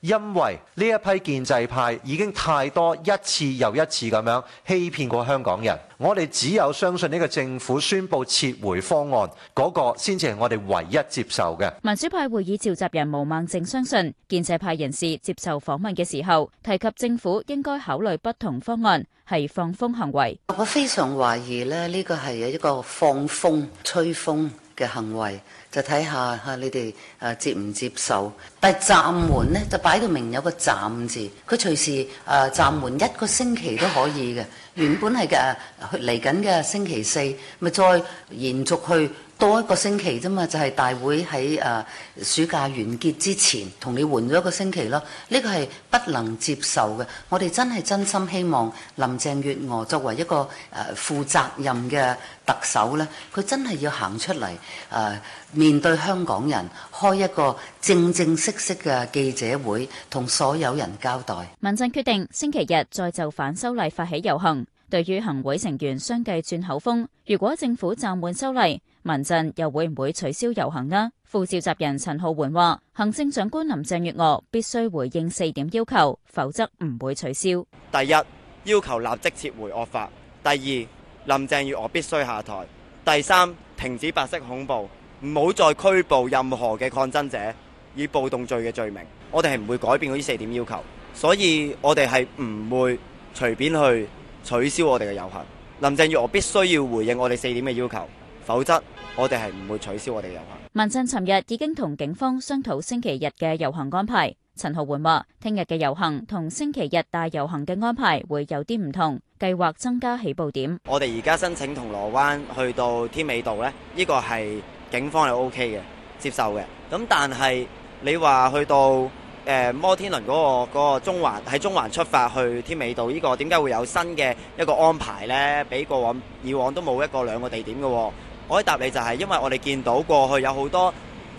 因為呢一批建制派已經太多一次又一次咁樣欺騙過香港人，我哋只有相信呢個政府宣布撤回方案嗰個，先至係我哋唯一接受嘅。民主派會議召集人毛孟靜相信，建制派人士接受訪問嘅時候提及政府應該考慮不同方案，係放風行為。我非常懷疑咧，呢個係一個放風吹風。嘅行為就睇下嚇你哋誒、啊、接唔接受，但係暫緩咧就擺到明有個暫字，佢隨時誒、啊、暫緩一個星期都可以嘅。原本係嘅嚟緊嘅星期四，咪再延續去。多一個星期啫嘛，就係、是、大會喺誒暑假完結之前同你換咗一個星期咯。呢個係不能接受嘅。我哋真係真心希望林鄭月娥作為一個誒負責任嘅特首咧，佢真係要行出嚟誒面對香港人，開一個正正式式嘅記者會，同所有人交代。民陣決定星期日再就反修例發起遊行。對於行會成員相繼轉口風，如果政府暫緩修例，民陣又會唔會取消遊行呢？副召集人陳浩桓話，行政長官林鄭月娥必須回應四點要求，否則唔會取消。第一，要求立即撤回惡法；第二，林鄭月娥必須下台；第三，停止白色恐怖，唔好再拘捕任何嘅抗爭者以暴動罪嘅罪名。我哋係唔會改變呢四點要求，所以我哋係唔會隨便去。取消我哋嘅遊行，林鄭月娥必須要回應我哋四點嘅要求，否則我哋係唔會取消我哋嘅遊行。民陣尋日已經同警方商討星期日嘅遊行安排。陳浩桓話，聽日嘅遊行同星期日大遊行嘅安排會有啲唔同，計劃增加起步點。我哋而家申請銅鑼，鑼灣去到添美道呢呢、呢個係警方係 OK 嘅，接受嘅。咁但係你話去到。誒，摩天輪嗰個嗰個中環，喺中環出發去添美道，依個點解會有新嘅一個安排咧？比過往以往都冇一個兩個地點嘅。我可以答你，就係因為我哋見到過去有好多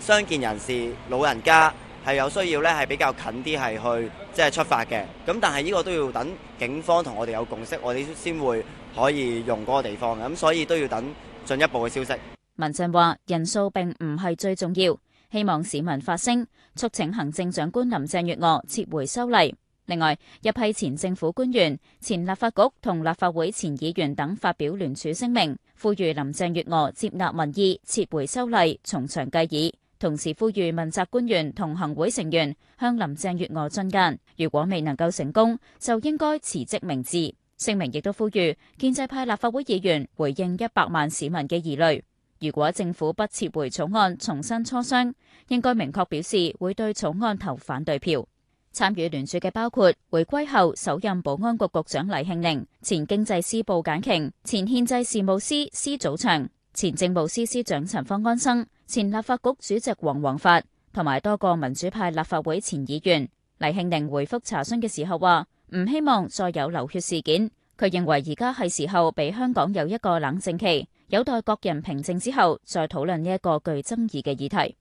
傷健人士、老人家係有需要咧，係比較近啲係去即係出發嘅。咁但係依個都要等警方同我哋有共識，我哋先會可以用嗰個地方嘅。咁所以都要等進一步嘅消息。民陣話：人數並唔係最重要。希望市民發聲，促請行政長官林鄭月娥撤回修例。另外，一批前政府官員、前立法局同立法會前議員等發表聯署聲明，呼籲林鄭月娥接納民意，撤回修例，從長計議。同時，呼籲問責官員同行會成員向林鄭月娥進諫，如果未能夠成功，就應該辭職明志。聲明亦都呼籲建制派立法會議員回應一百萬市民嘅疑慮。如果政府不撤回草案，重新磋商，應該明確表示會對草案投反對票。參與聯署嘅包括回歸後首任保安局局長黎慶寧、前經濟司部簡瓊、前憲制事務司司組長、前政務司司長陳方安生、前立法局主席黃王發同埋多個民主派立法會前議員。黎慶寧回覆查詢嘅時候話：唔希望再有流血事件，佢認為而家係時候俾香港有一個冷靜期。有待各人平靜之後，再討論呢一個具爭議嘅議題。